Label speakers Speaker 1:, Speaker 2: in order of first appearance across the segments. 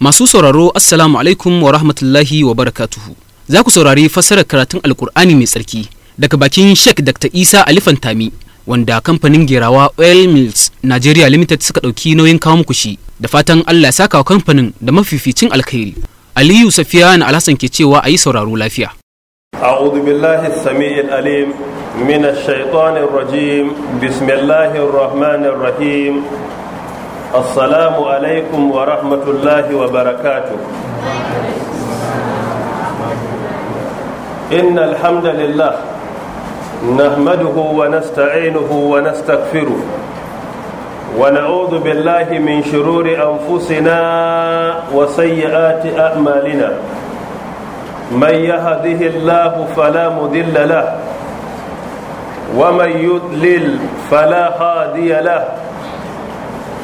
Speaker 1: Masu sauraro Assalamu alaikum wa rahmatullahi wa barakatuhu. Za ku saurari fassarar karatun Alkur'ani mai tsarki daga bakin Sheikh Dr. Isa Alifan Tami wanda kamfanin gerawa Oil Mills Nigeria Limited suka ɗauki nauyin kawo muku shi da fatan Allah ya saka wa kamfanin da mafificin alkhairi. Aliyu Safiya na Alhassan ke cewa a yi sauraro lafiya. أعوذ بالله السميع من الشيطان الرجيم بسم الله الرحمن الرحيم assalamu alaikum wa rahmatullahi wa barakatuh إن الحمد لله نحمده ونستعينه ونستغفره ونعوذ بالله من شرور أنفسنا وسيئات أعمالنا من يهده الله فلا مذل له ومن يضلل فلا هادي له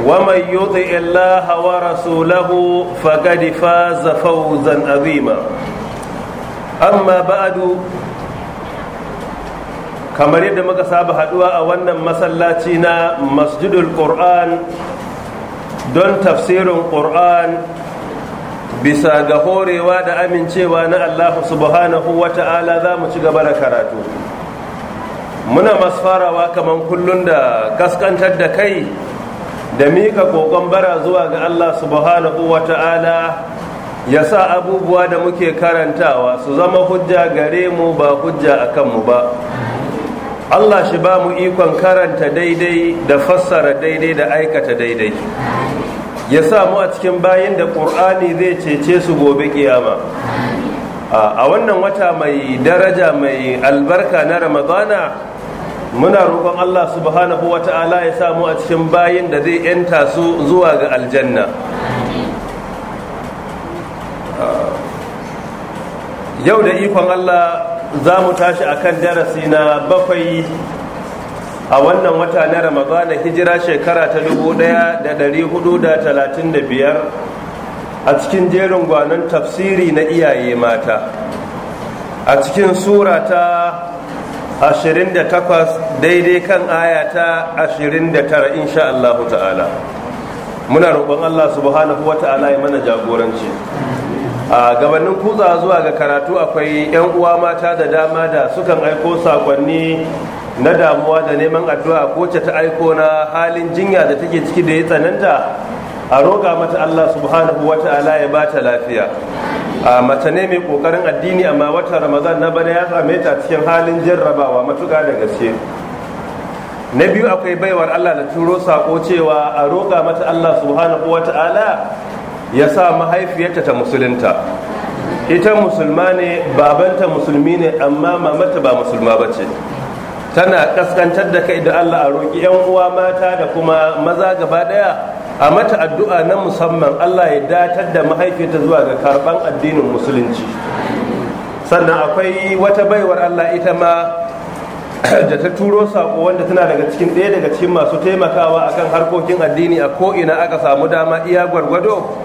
Speaker 1: ومن يطع الله ورسوله فقد فاز فوزا عظيما أما بعد kamar yadda muka saba haduwa a wannan masallaci na masjidul qur'an don tafsirin qur'an bisa ga horewa da amincewa na allah subhanahu wa ta'ala za mu ci gaba da karatu muna masu farawa kamar kullum da kaskantar da kai da mika kokon bara zuwa ga Allah subhanahu wa ta'ala ya sa abubuwa da muke karantawa su zama hujja gare mu ba hujja a kanmu ba Allah shi ba mu ikon karanta daidai da fassara daidai da aikata daidai ya sa mu a cikin bayan da ƙur'ani zai cece su gobe kiyama a wannan wata mai daraja mai albarka na ramadana muna roƙon Allah subhanahu wa ta'ala ya samu a cikin bayin da zai yanta su zuwa ga aljanna yau da ikon Allah za mu tashi kan darasi na bakwai a wannan wata na ramadana hijira shekara ta dubu da da da talatin biyar, a cikin jerin gwanon tafsiri na iyaye mata a cikin sura ta Ashirin da takwas daidai kan aya ta 29 insha Allah ta'ala muna roƙon Allah subhanahu wa ta'ala ya mana jagoranci a gabanin kutsa zuwa ga karatu akwai 'yan uwa mata da dama da sukan aiko sakonni na damuwa da neman addu'a ko ta aiko na halin jinya da take ciki da ya tsananta a roƙa mata Allah subhanahu wa ta'ala ya bata lafiya a mace ne mai kokarin addini amma watan ramadan na bana ya same ta cikin halin jarrabawa matuƙa da gaske na biyu akwai baiwar allah da turo sako cewa a roƙa mata allah subhanahu wa ta'ala ya sa mahaifiyarta ta musulunta ita musulma ne babanta musulmi ne amma mamata ba musulma ba ce tana kaskantar da kai da allah a roƙi 'yan uwa mata da kuma maza gaba ɗaya a mata addu'a na musamman Allah ya datar da mahaifinta zuwa ga karban addinin musulunci sannan akwai wata baiwar Allah ita ma da ta turo saƙo wanda tana daga cikin ɗaya daga cikin masu taimakawa akan harkokin addini a ko'ina aka samu dama iya gwargwado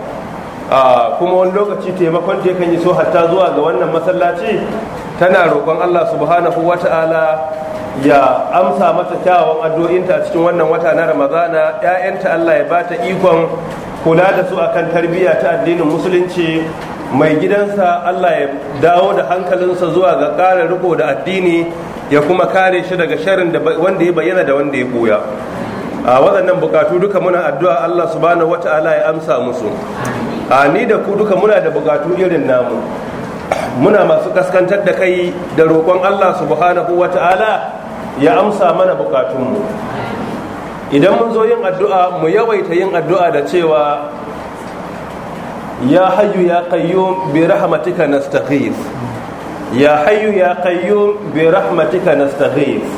Speaker 1: kuma wani lokaci taimakon ta kan yi so hatta zuwa ga wannan masallaci tana roƙon Allah subhanahu wata'ala ya amsa mata kyawawan addu'o'inta a cikin wannan wata na ramadana ‘ya'yanta Allah ya bata ikon kula da su akan tarbiyya ta addinin musulunci mai gidansa Allah ya dawo da hankalinsa zuwa ga ƙara riko da addini ya kuma kare shi daga sharin da wanda ya bayyana da wanda ya boya a waɗannan bukatu duka muna addu'a Allah subhanahu wata'ala ya amsa musu a ni da ku duka muna da bukatu irin namu muna masu kaskantar da kai da roƙon Allah subhanahu wata'ala ya amsa mana bukatunmu idan mun zo yin addu'a mu yawaita yin addu'a da cewa ya hayyu ya qayyum bi rahmatika nastaghith ya hayyu ya qayyum bi rahmatika nastaghith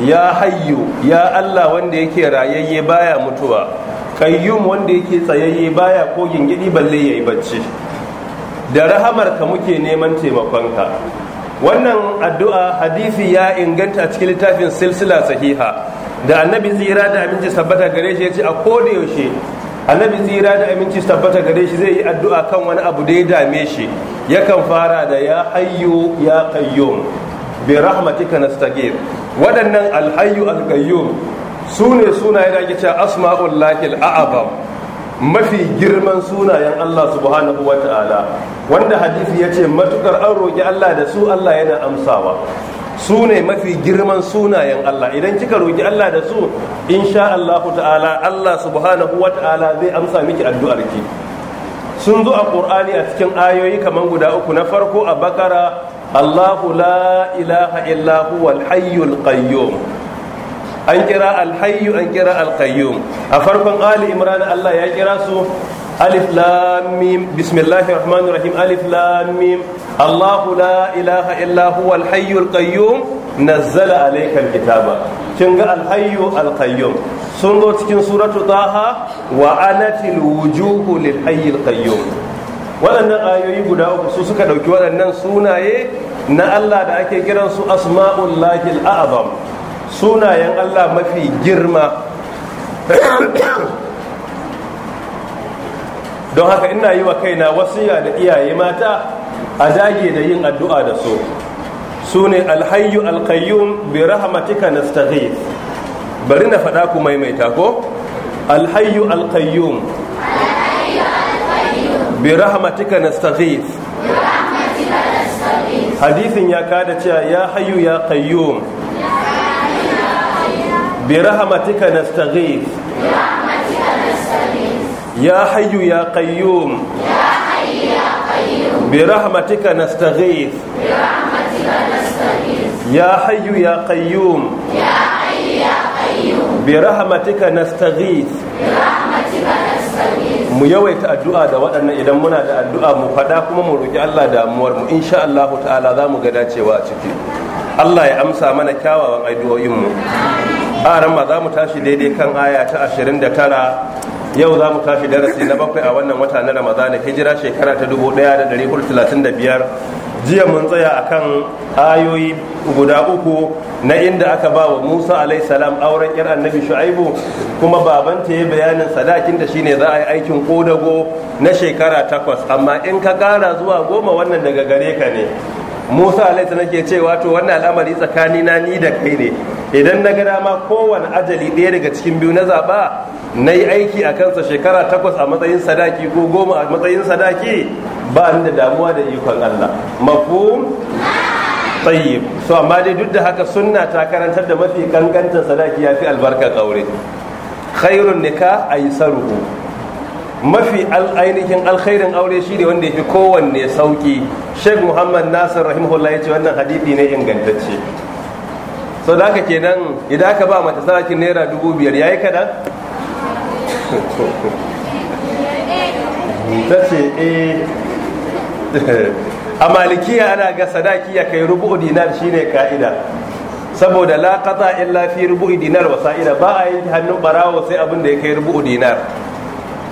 Speaker 1: ya hayyu ya Allah wanda yake rayayye baya mutuwa qayyum wanda yake tsayayye baya ko gingidi balle yayi bacci da rahamarka muke neman taimakonka wannan addu'a hadisi ya inganta a cikin littafin silsila sahiha da annabi zira da aminci tabbata gare shi ya ce a koda yaushe annabi zira da aminci tabbata gare shi zai yi addu'a kan wani abu da ya dame shi yakan fara da ya hayyu ya qayyum bi rahmatika nastaghir waɗannan alhayyu alqayyum su ne sunaye da ake cewa asma'ul lakil a'abam mafi girman sunayen Allah subhanahu wa ta'ala wanda hadisi ya ce matukar an roƙi Allah da su Allah yana amsawa su ne mafi girman sunayen Allah idan kika roƙi Allah da su insha Allah ta'ala Allah subhanahu wa ta'ala zai amsa miki addu'ar ki sun zo a Qur'ani a cikin ayoyi kaman guda uku na farko a Bakara Allahu la ilaha illa huwal hayyul qayyum an kira alhayyu an kira qayyum a farkon ali imran Allah ya kira su alif lam mim bismillahir rahmanir rahim alif lam mim allah la ilaha illa huwa al hayyul qayyum nazzala alayka al kitaba kin ga al hayyu al qayyum sun zo cikin suratu taha wa anatil wujuhu lil hayyil qayyum waɗannan ayoyi guda uku su suka ɗauki waɗannan sunaye na Allah da ake kiransu asma'ul lahil a'zam sunayen Allah mafi girma don haka ina yi wa kaina wasiya da iyaye mata a dage da yin addu'a da su su ne alhayyu alkayyum bi rahmatika nastaghith bari na faɗa ku maimaita ko alhayyu alkayyum bi rahmatika nastaghith hadisin ya kada cewa ya hayu ya kayyum bi rahmatika nastaghith يا حي يا قيوم برحمتك نستغيث يا حي يا قيوم برحمتك نستغيث mu yawaita addu'a da waɗannan idan muna da addu'a mu faɗa kuma mu roƙi Allah damuwar mu insha Allah ta'ala za mu ga dacewa a ciki Allah ya amsa mana kyawawan addu'o'in mu a ran ma za mu tashi daidai kan aya ta 29 yau za mu tashi darasi na bakwai a wannan wata na ramadana hijira shekara ta dubu da da biyar. jiya mun tsaya a kan ayoyi guda uku na inda aka ba wa musa alai salam auren yar annabi shu'aibu kuma babanta ya bayanin sadakin da shine za a yi aikin kodago na shekara takwas amma in ka kara zuwa goma wannan daga gare ka ne musa alaihi ke cewa to wannan al'amari tsakani na ni da kai ne idan na ga dama kowane ajali ɗaya daga cikin biyu na zaɓa na yi aiki a kansa shekara takwas a matsayin sadaki ko goma a matsayin sadaki ba ni da damuwa da ikon allah mafhum tsayi. so amma dai duk da haka sunna ta karantar da mafi kankantar sadaki ya fi albarkar aure khairun nika nikah aysaruhu mafi ainihin alkhairin aure shi ne wanda ya fi kowanne sauki sheikh muhammad nasir rahimahullah ya ce wannan hadithi ne ingantacce sau da aka kenan idan aka ba mata sarakin naira dubu biyar ya yi kaɗan ta ce eh. a malikiya ana ga sadaki ya kai rubu'u dinar shine ka'ida saboda la illa fi rubu dinar wa sa'ida ba a yi hannun barawo sai abin da ya kai rubu'u dinar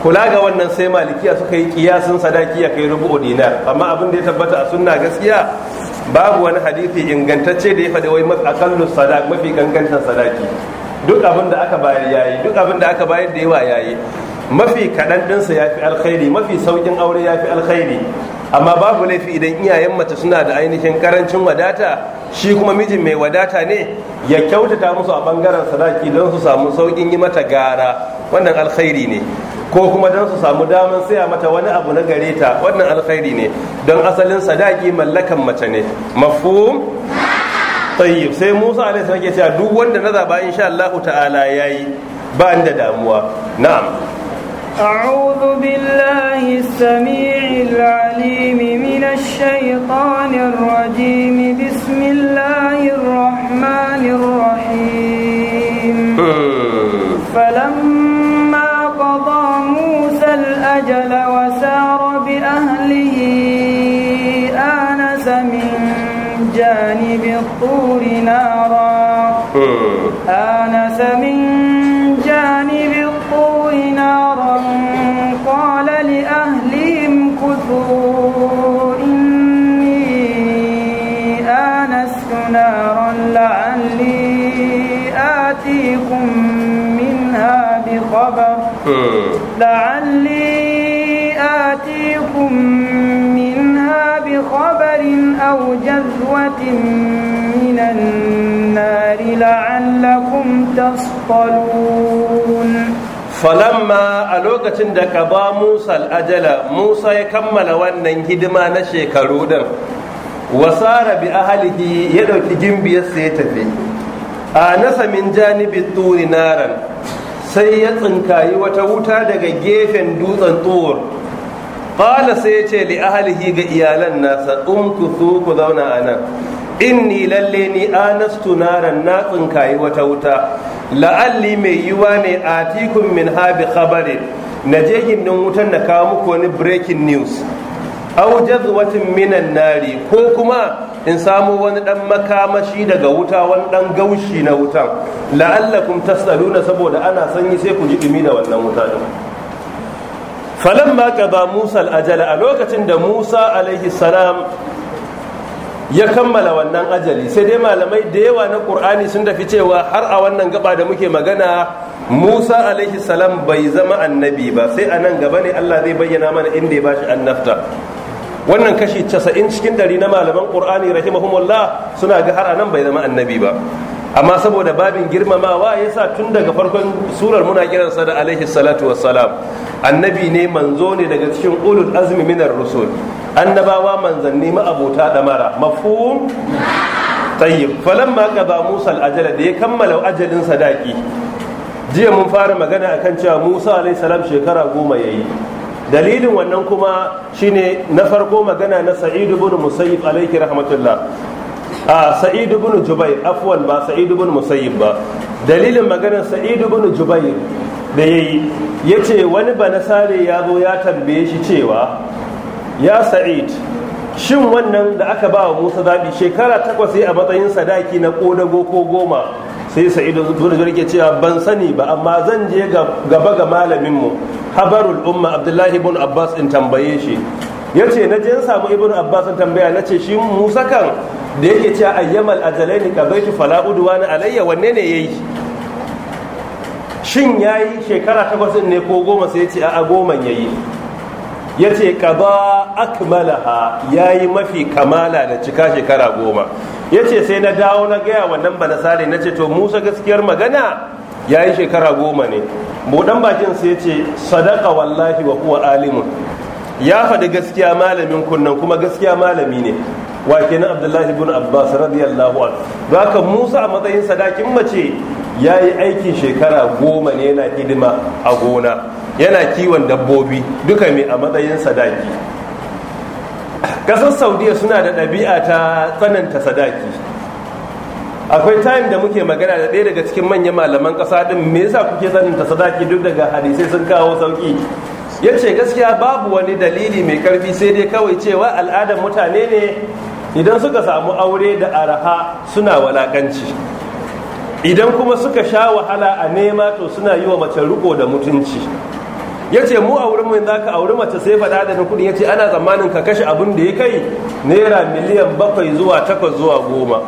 Speaker 1: kula ga wannan sai malikiya suka yi kiyasin sadaki ya kai rubu dinar amma abin da ya tabbata a sunna gaskiya babu wani hadisi ingantacce da ya faɗi wai akallu sadak mafi gangantan sadaki duk abin da aka bayar yayi duk abin da aka bayar da yawa yayi mafi kaɗan ɗinsa ya fi alkhairi mafi sauƙin aure ya fi alkhairi amma babu laifi idan iyayen mace suna da ainihin karancin wadata shi kuma mijin mai wadata ne ya kyautata musu a bangaren sadaki don su samu sauƙin yi mata gara wannan alkhairi ne ko kuma don su samu daman saya mata wani abu na gare ta wannan alkhairi ne don asalin sadaki mallakan mace ne mafhum tayyib sai Musa alaihi salam ke cewa duk wanda na zaba insha Allah ta'ala yayi ba da damuwa na'am
Speaker 2: أعوذ بالله السميع العليم من الشيطان الرجيم بالطور نارا آنس من جانب الطور نارا قال لأهلهم كثوا إني آنست نارا لعلي آتيكم منها بخبر آه. لعلي أو جذوة من النار لعلكم تصطلون
Speaker 1: falamma a lokacin da ka ba musa al'ajala musa ya kammala wannan hidima na shekaru din wasara bi ahalihi ya ɗauki gimbiyarsa ya tafi a nasa min janibi turi naran sai ya tsinkayi wata wuta daga gefen dutsen tsohon qala sai ya ce li ahlihi ga iyalan nasa umkuthu ku zauna a inni lalle ni anastu naran na tsinkayi wata wuta la'alli mai yiwa ne a tikun min habi khabari na je gindin wutan na kawo muku wani breaking news aw jazwatin minan nari ko kuma in samu wani dan makamashi daga wuta wani dan gaushi na wutan la'allakum tasaluna saboda ana sanyi sai ku ji dumi da wannan wuta din ka ba musa al-ajala a lokacin da musa alaihi salam ya kammala wannan ajali sai dai malamai da yawa na ƙur'ani sun dafi cewa har a wannan gaba da muke magana musa alaihi salam bai zama annabi ba sai a nan gaba ne allah zai bayyana mana inda ya bashi annafta wannan kashi 90 cikin dari na malaman ƙur'ani rahimahumullah suna ga har a nan bai zama annabi ba amma saboda babin girmamawa ya sa tun daga farkon surar muna kiransa da alaihi salatu wassalam annabi ne manzo ne daga cikin ulul azmi minar rusul annabawa manzanni ma'abota damara mafhum tayyib falamma qada musa al-ajala da ya kammala ajalin sadaki jiya mun fara magana akan cewa musa alaihi salam shekara goma yayi dalilin wannan kuma shine na farko magana na sa'id ibn musayyib alaihi rahmatullah a ah, Sa'idu bin jubai afwan ba Sa'idu bin musayyib ba dalilin maganar Sa'idu bin jubai da yayi yace wani sare ya zo ya tambaye shi cewa ya sa'id shin wannan da aka ba wa musa zaɓi shekara takwas a matsayin sadaki na ƙodago ko goma sai sa'idu bin jubai ke cewa ban sani ba amma zan je gaba ga malaminmu habarul umma abdullahi ibn abbas in tambaye shi ya ce na je samu ibn abbas tambaya na ce shi musa kan da yake cewa ayyamal ajalaini qadaitu fala udwana alayya wanne ne yayi shin yayi shekara takwas ne ko goma sai ce a goma yayi yace qada akmalaha yayi mafi kamala da cika shekara goma yace sai na dawo na gaya wannan banasare nace to Musa gaskiyar magana yayi shekara goma ne dan bakin sai yace sadaqa wallahi wa huwa alimun ya faɗi gaskiya malamin kunnan kuma gaskiya malami ne wa kenan abdullahi ibn abbas radiyallahu anhu ka musa a matsayin sadakin mace ya yi aikin shekara goma ne yana hidima a gona yana kiwon dabbobi duka mai a matsayin sadaki kasar saudiya suna da ɗabi'a ta tsananta sadaki akwai time da muke magana da ɗaya daga cikin manyan malaman ƙasa ɗin me yasa kuke tsananta sadaki duk daga hadisai sun kawo sauki ya ce gaskiya babu wani dalili mai karfi sai dai kawai cewa al'adar mutane ne idan suka samu aure da araha suna walakanci idan kuma suka sha wahala a nema to suna yi wa mace riko da mutunci ya ce mu a wurin mu za ka auri mace sai faɗa da kuɗi ya ce ana tsammanin ka kashe abin da ya kai naira miliyan bakwai zuwa takwas zuwa goma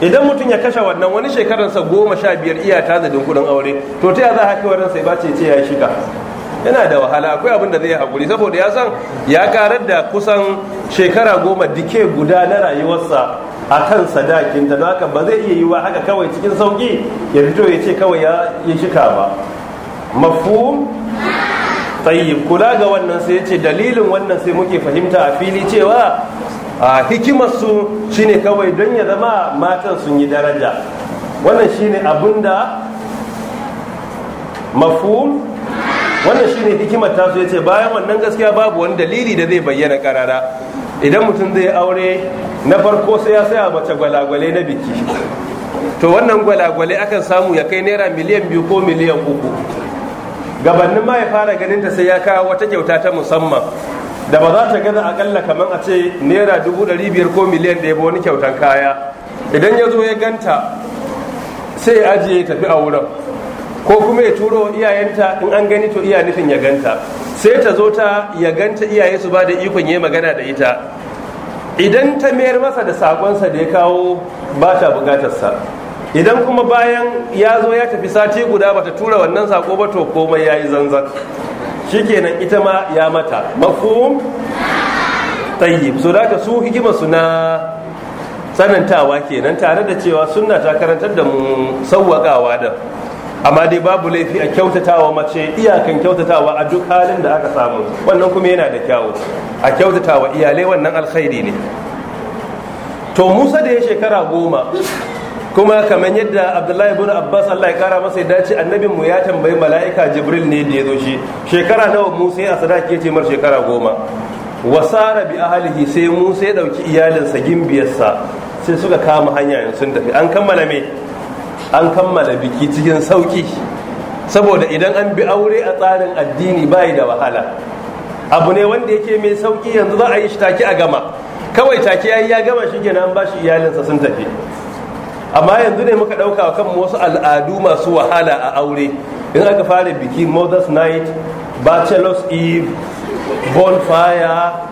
Speaker 1: idan mutum ya kashe wannan wani shekaransa goma sha biyar iya tazadin kuɗin aure to ta ya za haka sai ya ce ce ya shiga yana da wahala akwai abin da zai yi hakuri saboda ya san ya karar da kusan shekara goma dike guda na rayuwarsa a kan sadakin da haka ba zai iya yi wa haka kawai cikin sauki ya fito ya ce kawai ya yi shika ba Mafu, tayyib kula ga wannan sai ya ce dalilin wannan sai muke fahimta a fili cewa a hikimarsu shine kawai don ya zama matan sun yi daraja wannan shine abin da mafhum wannan shine hikimar tasu yace bayan wannan gaskiya babu wani dalili da zai bayyana karara idan mutum zai aure na farko sai ya saya mace gwalagwale na biki to wannan gwalagwale akan samu ya kai naira miliyan biyu ko miliyan uku gabanin ma ya fara ganin ta sai ya kawo wata kyauta ta musamman da ba za ta gaza akalla kamar a ce naira dubu ɗari biyar ko miliyan ɗaya ba wani kyautan kaya idan ya zo ya ganta sai ya ajiye ya tafi a wurin ko kuma ya turo iyayenta in an gani to iya nufin ya ganta sai ta zo ta ya ganta iyaye su ba da ikon yi magana da ita idan ta mayar masa da sakonsa da ya kawo ba ta bukatarsa idan kuma bayan ya zo ya tafi sati guda ba ta tura wannan sako ba to komai ya yi zanzan kenan ita ma ya mata mafhum tayyib so da su hikima su na sanantawa kenan tare da cewa sunna ta karantar da mu sauwaƙawa da amma dai babu laifi a kyautatawa mace iyakan kyautatawa a duk halin da aka samu wannan kuma yana da kyawu a kyautatawa iyalai wannan alkhairi ne to musa da ya shekara goma kuma kamar yadda abdullahi ibn abbas allah ya kara masa ya dace annabin mu ya tambayi mala'ika jibril ne da ya zo shi shekara nawa musa ya sadaki ya ce mar shekara goma wasara bi ahalihi sai musa ya dauki iyalinsa gimbiyarsa sai suka kama hanya sun tafi an kammala me an kammala biki cikin sauki saboda idan an bi aure a tsarin addini bayi da wahala abu ne wanda yake mai sauki yanzu za a yi shi take a gama kawai take yayi ya gama shi kenan ba shi iyalinsa sun tafi amma yanzu ne muka ɗauka wa kan wasu al'adu masu wahala a aure in aka fara biki mother's night bachelor's eve bonfire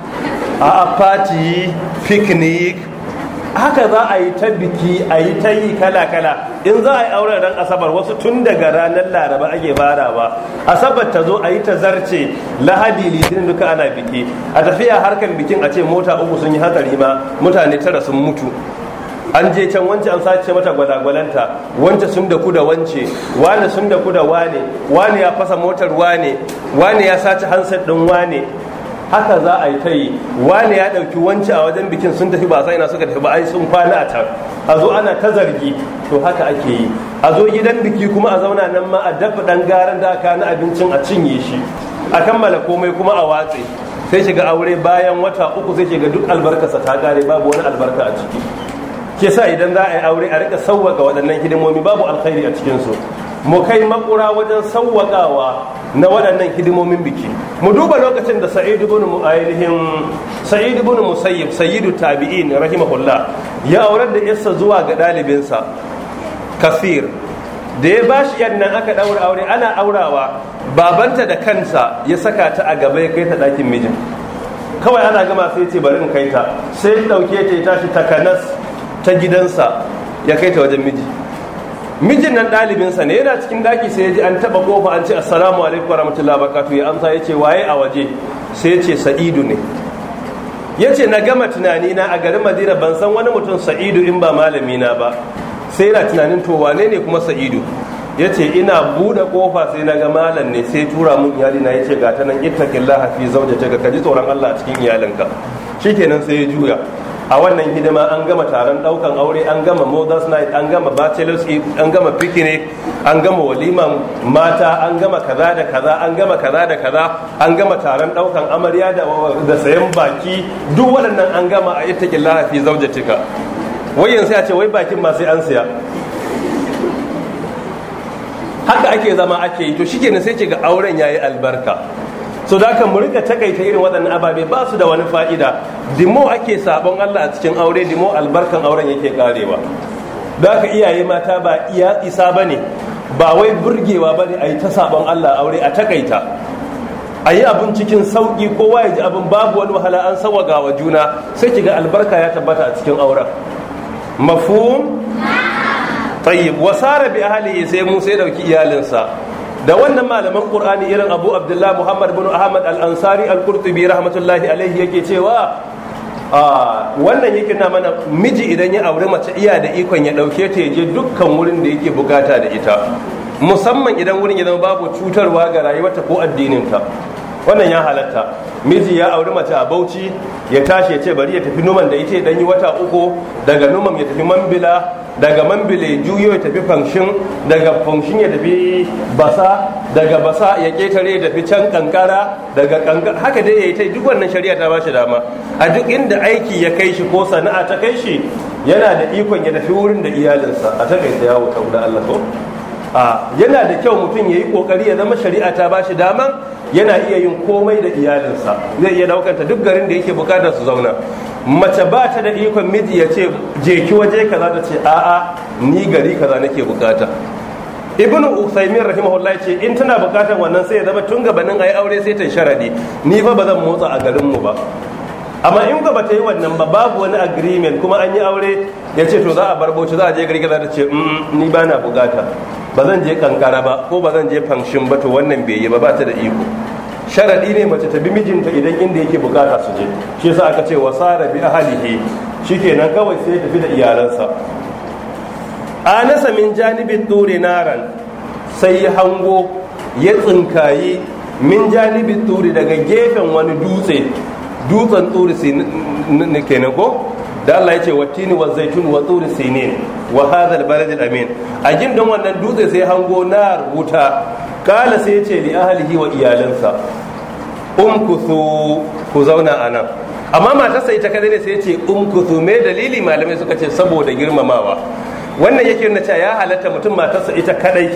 Speaker 1: a party picnic haka za a yi ta biki a yi ta yi kala-kala in za a yi auren ran asabar wasu tun daga ranar laraba ake ba. asabar ta zo a yi ta zarce lahadi litinin duka ana biki a tafiya harkar bikin a ce mota uku sun yi hatsari ma mutane tara sun mutu an je can wance an sace mata gwalagwalanta wance sun da da wance wane sun da da wane wane ya fasa motar wane wane ya sace hansar din wane haka za a yi ta yi wani ya ɗauki wanci a wajen bikin sun tafi ba sai ina suka tafi ba ai sun kwana a can a zo ana ta zargi to haka ake yi a zo gidan biki kuma a zauna nan ma a dafa ɗan garan da aka na abincin a cinye shi a kammala komai kuma a watse sai shiga aure bayan wata uku sai shiga duk albarkarsa ta kare babu wani albarka a ciki ke sa idan za a yi aure a rika sauwaka waɗannan hidimomi babu alkhairi a cikinsu mu kai makura wajen sauwaƙawa na waɗannan hidimomin biki mu duba lokacin da sa'id ibn mu'ayyidin sa'id ibn musayyib sayyidu tabi'in rahimahullah ya aurar da yarsa zuwa ga ɗalibinsa Kafir, da ya ba shi yan nan aka ɗaura aure ana aurawa babanta da kansa ya saka ta a gaba ya kai ta ɗakin mijin kawai ana gama sai ce bari in kai ta sai ɗauke ta ya tashi takanas ta gidansa ya kai ta wajen miji mijin nan ɗalibinsa ne yana cikin daki sai ya ji an taɓa kofa an ce assalamu alaikum wa rahmatullahi barakatuh ya amsa ya ce waye a waje sai ya ce sa'idu ne ya ce na gama tunani na a garin madina ban san wani mutum sa'idu in ba malami na ba sai yana tunanin to wane ne kuma sa'idu ya ce ina buɗe kofa sai na ga malam ne sai tura mun iyali na ya ce ga ta nan ittaqillah fi zawjataka ka ji tsoron Allah a cikin iyalinka shikenan sai ya juya a wannan hidima an gama taron daukan aure an gama mothers night an gama bachelor's eve an gama picnic an gama waliman mata an gama kaza da kaza an gama kaza da kaza an gama taron daukan amarya da da sayan baki duk waɗannan an gama a ittaqillaha fi zaujatika wai yanzu ya ce wai bakin ma sai an siya haka ake zama ake yi to shikenan sai ce ga auren yayi albarka so da kan mu rika takaita irin waɗannan ababe ba su da wani fa'ida dimo ake sabon Allah a cikin aure dimo albarkan auren yake karewa da ka iyaye mata ba iya isa bane ba wai burgewa bane a yi ta sabon Allah aure a takaita a yi abin cikin sauƙi kowa ya ji abin babu wani wahala an sawaga wa juna sai kiga albarka ya tabbata a cikin auren mafhum tayyib wasara bi ahlihi sai mu sai dauki iyalinsa da wannan malaman qur'ani irin abu abdullah muhammad bin ahmad al-ansari al-qurtubi rahmatullahi alaihi yake cewa ah, wannan yake na mana miji idan ya aure mace iya da ikon ya ɗauke ta je dukkan wurin da yake bukata da ita musamman idan wurin ya zama babu cutarwa ga rayuwarta ko addininta wannan ya halatta miji ya auri mace a bauchi ya tashi ya ce bari ya tafi numan da ita dan yi wata uku daga numan ya tafi mambila daga mambila ya juyo ya tafi fanshin daga fanshin ya tafi basa daga basa ya ketare ya tafi can kankara daga kankara haka dai ya yi ta duk wannan shari'a ta bashi dama a duk inda aiki ya kai shi ko sana'a ta kai shi yana da ikon ya tafi wurin da iyalinsa a takaita yawo ta wuda Allah ko yana da kyau mutum ya yi kokari ya zama shari'a ta ba shi daman yana iya yin komai da iyalinsa zai iya daukanta duk garin da yake bukatar su zauna mace ba ta da ikon miji ya ce je ki waje kaza ta ce a'a ni gari kaza nake bukata ibnu usaimin rahimahullahi ce in tana bukatar wannan sai ya zama tun gabanin ayi aure sai ta sharadi ni fa ba zan motsa a garin mu ba amma in ba ta yi wannan ba babu wani agreement kuma an yi aure ya ce to za a barboci za a je gari kaza ta ce ni ba na bukata ba zan je kankara ba ko ba zan je fanshin ba to wannan bai yi ba ba ta da iko sharadi ne mace ta bi mijinta idan inda yake bukata su je shi yasa aka ce wasara bi ahlihi shikenan kawai sai ya tafi da iyalansa anasa min janibin turi naran sai ya hango ya tsinkayi min janibin turi daga gefen wani dutse dutsen turi kenan ko da Allah ya ce wattini wa zaitun wa turi sinin wa hadha al-balad al a ajin don wannan dutse sai hango na rubuta kala sai yace li ahlihi wa iyalansa umkuthu ku zauna anan amma matarsa ita kadai ne sai yace umkuthu me dalili malamai suka ce saboda girmamawa wannan yake nuna cewa ya halatta mutum matarsa ita kadai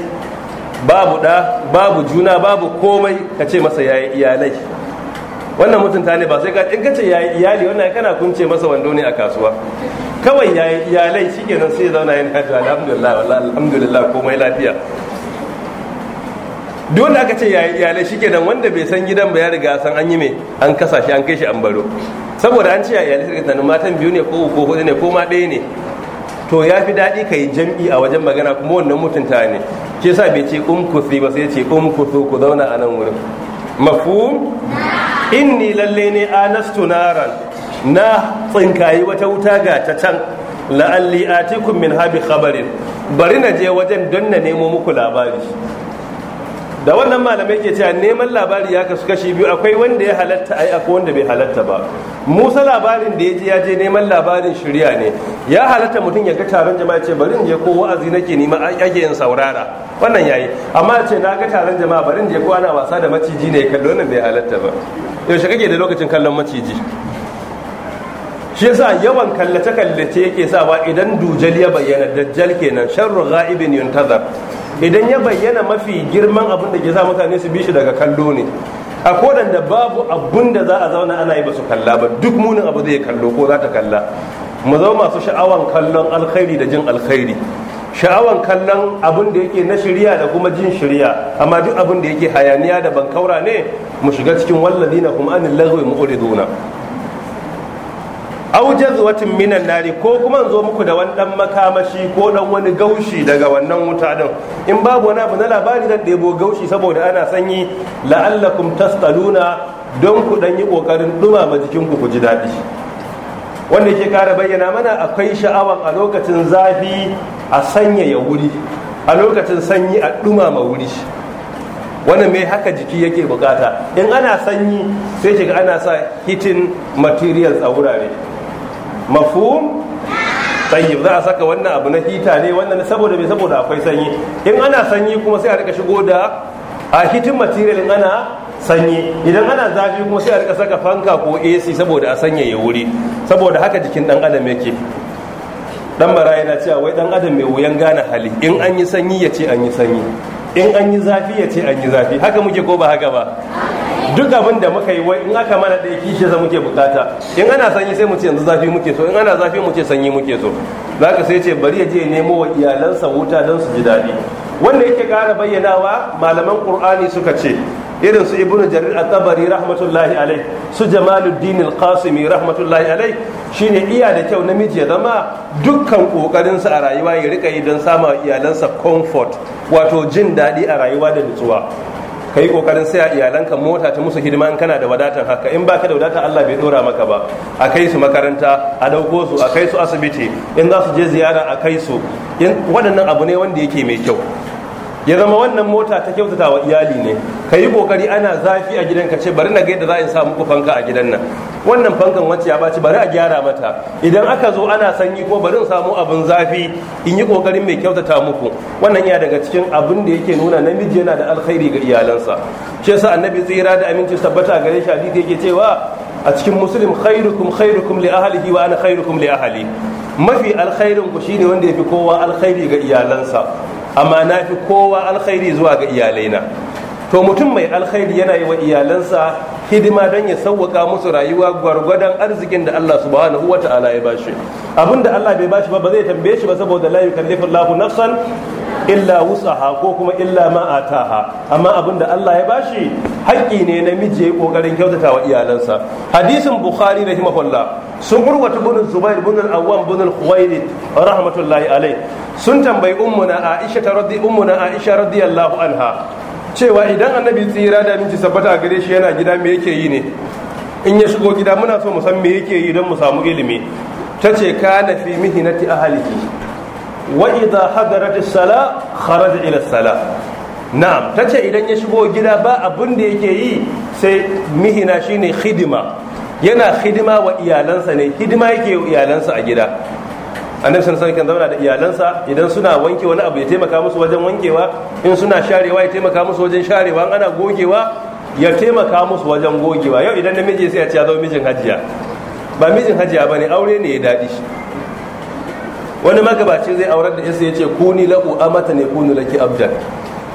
Speaker 1: babu da babu juna babu komai kace ce masa yayi iyalai wannan mutunta ne ba sai ka in ka ce yayi iyali wannan kana kunce masa wando ne a kasuwa kawai ya iyalai shi nan sai zauna yin hajji alhamdulillah wallahi alhamdulillah komai lafiya duk wanda aka ce ya iyalai shi nan wanda bai san gidan ba ya riga san an yi me an kasa shi an kai shi an baro saboda an ce ya iyalai sai tanin matan biyu ne ko uku ko ne ko ma ɗaya ne to ya fi daɗi ka yi jam'i a wajen magana kuma wannan mutunta ne ke sa bai ce umkusi ba sai ce umkusu ku zauna a nan wurin mafhum inni lalle ne anastu naran na tsinkayi wata wuta ga ta can la'alli tikun min habi khabarin bari na je wajen don na nemo muku labari da wannan malamai ke cewa neman labari ya kasu kashi biyu akwai wanda ya halatta ai akwai wanda bai halatta ba musa labarin da ya je ya je neman labarin shirya ne ya halatta mutum ya ga taron jama'a ce bari je ko wa'azi nake nima ake yin saurara wannan yayi amma ce na ga taron jama'a bari je ko ana wasa da maciji ne kallon nan bai halatta ba yaushe kake da lokacin kallon maciji shi yasa yawan kallace kallace yake sawa idan dujal ya bayyana dajjal kenan sharru ghaibin yuntazar idan ya bayyana mafi girman abin da ke sa mutane su bi shi daga kallo ne a kodan da babu abun da za a zauna ana yi ba su kalla ba duk munin abu zai kallo ko za ta kalla mu zama masu sha'awan kallon alkhairi da jin alkhairi sha'awan kallon abin da yake na shirya da kuma jin shirya amma duk abin da yake hayaniya da bankaura ne mu shiga cikin wallazina kuma anil lagwi mu'riduna au minan nari ko kuma zo muku da wani dan makamashi ko dan wani gaushi daga wannan wuta din in babu wani abu na labari da ɗebo gaushi saboda ana sanyi la'allakum tasqaluna don ku dan yi kokarin dumama jikin ku ku ji daɗi wanda yake ƙara bayyana mana akwai sha'awan a lokacin zafi a sanyaya wuri a lokacin sanyi a dumama wuri wani mai haka jiki yake bukata in ana sanyi sai shiga ana sa hitin materials a wurare mafhum tayyib za a saka wannan abu na hita ne wannan saboda me saboda akwai sanyi in ana sanyi kuma sai a rika shigo da a hitin material ana sanyi idan ana zafi kuma sai a rika saka fanka ko AC saboda a sanya ya wuri saboda haka jikin dan adam yake dan bara yana cewa wai dan adam mai wuyan gane hali in an yi sanyi ya ce an yi sanyi in an yi zafi ya ce an yi zafi haka muke ko ba haka ba duk abin da muka yi wai in aka mana ɗaya kishi sa muke bukata in ana sanyi sai mu ce yanzu zafi muke so in ana zafi mu ce sanyi muke so zaka sai ce bari ya je nemo wa iyalansa wuta don su ji daɗi wanda yake ƙara bayyanawa malaman qur'ani suka ce irin su ibnu jarir at-tabari rahmatullahi alai su jamaluddin al-qasimi rahmatullahi alai shine iya da kyau namiji ya zama dukkan sa a rayuwa ya rika yi don sama iyalansa comfort wato jin daɗi a rayuwa da nutsuwa ka yi kokarin saya a iyalanka mota ta musu hidima in kana da wadatan haka in baka da wadatan Allah bai dora maka ba a kai su makaranta a dauko su a kai su asibiti in za su je ziyara a kai su waɗannan abu ne wanda yake mai kyau ya zama wannan mota ta kyautata wa iyali ne ka yi kokari ana zafi a gidan ka ce bari na ga yadda za a sa muku fanka a gidan nan wannan fankan wacce ya baci bari a gyara mata idan aka zo ana sanyi ko bari in samu abin zafi in yi kokarin mai kyautata muku wannan ya daga cikin abin da yake nuna namiji yana da alkhairi ga iyalansa shi yasa annabi tsira da aminci tabbata gare shi hadisi yake cewa a cikin muslim khairukum khairukum li ahlihi wa ana khairukum li ahli mafi alkhairin ku shine wanda yafi kowa alkhairi ga iyalansa amma na fi kowa alkhairi zuwa ga iyalaina to mutum mai alkhairi yana yi wa iyalansa hidima don ya sauwaka musu rayuwa gwargwadon arzikin da Allah subhanahu wa ta'ala ya bashi abin da Allah bai bashi ba ba zai tambaye shi ba saboda la yukallifu Allahu nafsan illa wusaha ko kuma illa ma ataha amma abin da Allah ya bashi haƙƙi ne na miji ya kokarin kyautata wa iyalansa hadisin bukhari rahimahullah Sun urwata bunin zubair bin awwam bin rahmatullahi alai sun tambayi ummuna aisha ta raddi ummuna aisha radiyallahu anha cewa idan annabi tsira da minci sabbata gare shi yana gida me yake yi ne in ya shigo gida muna so mu san me yake yi don mu samu ilimi ta ce kana fi mihinati ahliki wa idha hadarat as-sala kharaja ila sala na'am tace idan ya shigo gida ba abin da yake yi sai mihina shine hidima. yana hidima wa iyalansa ne hidima yake wa iyalansa a gida annabi sallallahu alaihi kan zauna da iyalansa idan suna wanke wani abu ya taimaka musu wajen wankewa in suna sharewa ya taimaka musu wajen sharewa ana gogewa ya taimaka musu wajen gogewa yau idan namiji sai ya ce ya zama mijin hajiya ba mijin hajiya bane aure ne ya dadi shi wani magabaci zai aurar da isa ya ce kuni lahu amata ne kuni laki abdan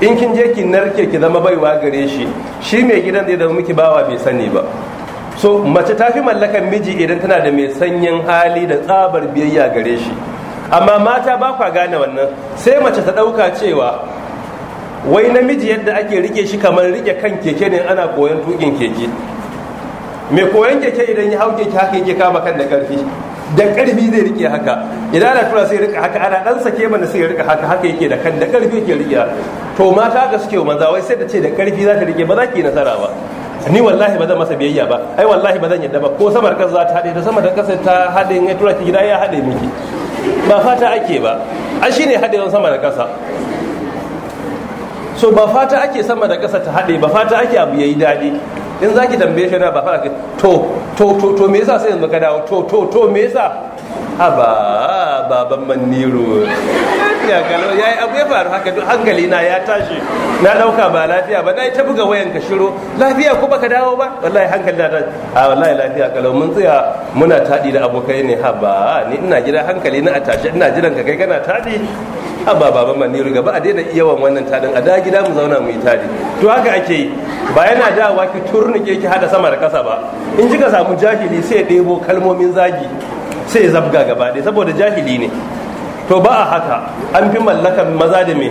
Speaker 1: in kin je ki narke ki zama baiwa gare shi shi mai gidan da ya zama miki bawa bai sani ba so mace ta fi mallakan miji idan tana da mai sanyin hali da tsabar biyayya gare shi amma mata ba kwa gane wannan sai mace ta ɗauka cewa wai namiji yadda ake rike shi kamar rike kan keke ne ana koyon tukin keke mai koyon keke idan ya hau keke haka yake kama kan da karfi da karfi zai rike haka idan ana tura sai rika haka ana dan sake mana sai rika haka haka yake da kan da karfi yake rike to mata ga suke maza wai sai ta ce da karfi za ta rike ba za ki nasara ba ni wallahi ba zan masa biyayya ba ai wallahi ba zan yadda ba ko samar kasa za ta haɗe da sama da kasa ta haɗe ne tura ki gida ya haɗe miki ba fata ake ba shi ne haɗewan sama da kasa so ba fata ake sama da kasa ta haɗe ba fata ake abu yayi daɗi in za ki tambaye shi na ba fara to to to to me yasa sai yanzu ka dawo to to to me yasa haba baban maniro lafiya ya yi abu ya faru haka duk hankali na ya tashi na dauka ba lafiya ba na yi ta buga wayan ka shiro lafiya ko baka dawo ba wallahi hankali na tashi a wallahi lafiya galo mun tsaya muna tadi da abokai ne haba ni ina gida hankali na a tashi ina jiran ka kai kana tadi abba baban riga gaba a daina yawan wannan tadin a da gida mu zauna mu yi tadi to haka ake yi ba yana dawa ki turnike ki hada sama da kasa ba in kika samu jahili sai ɗebo kalmomin zagi sai zabga gaba ɗaya saboda jahili ne to ba a haka an fi mallakan maza da me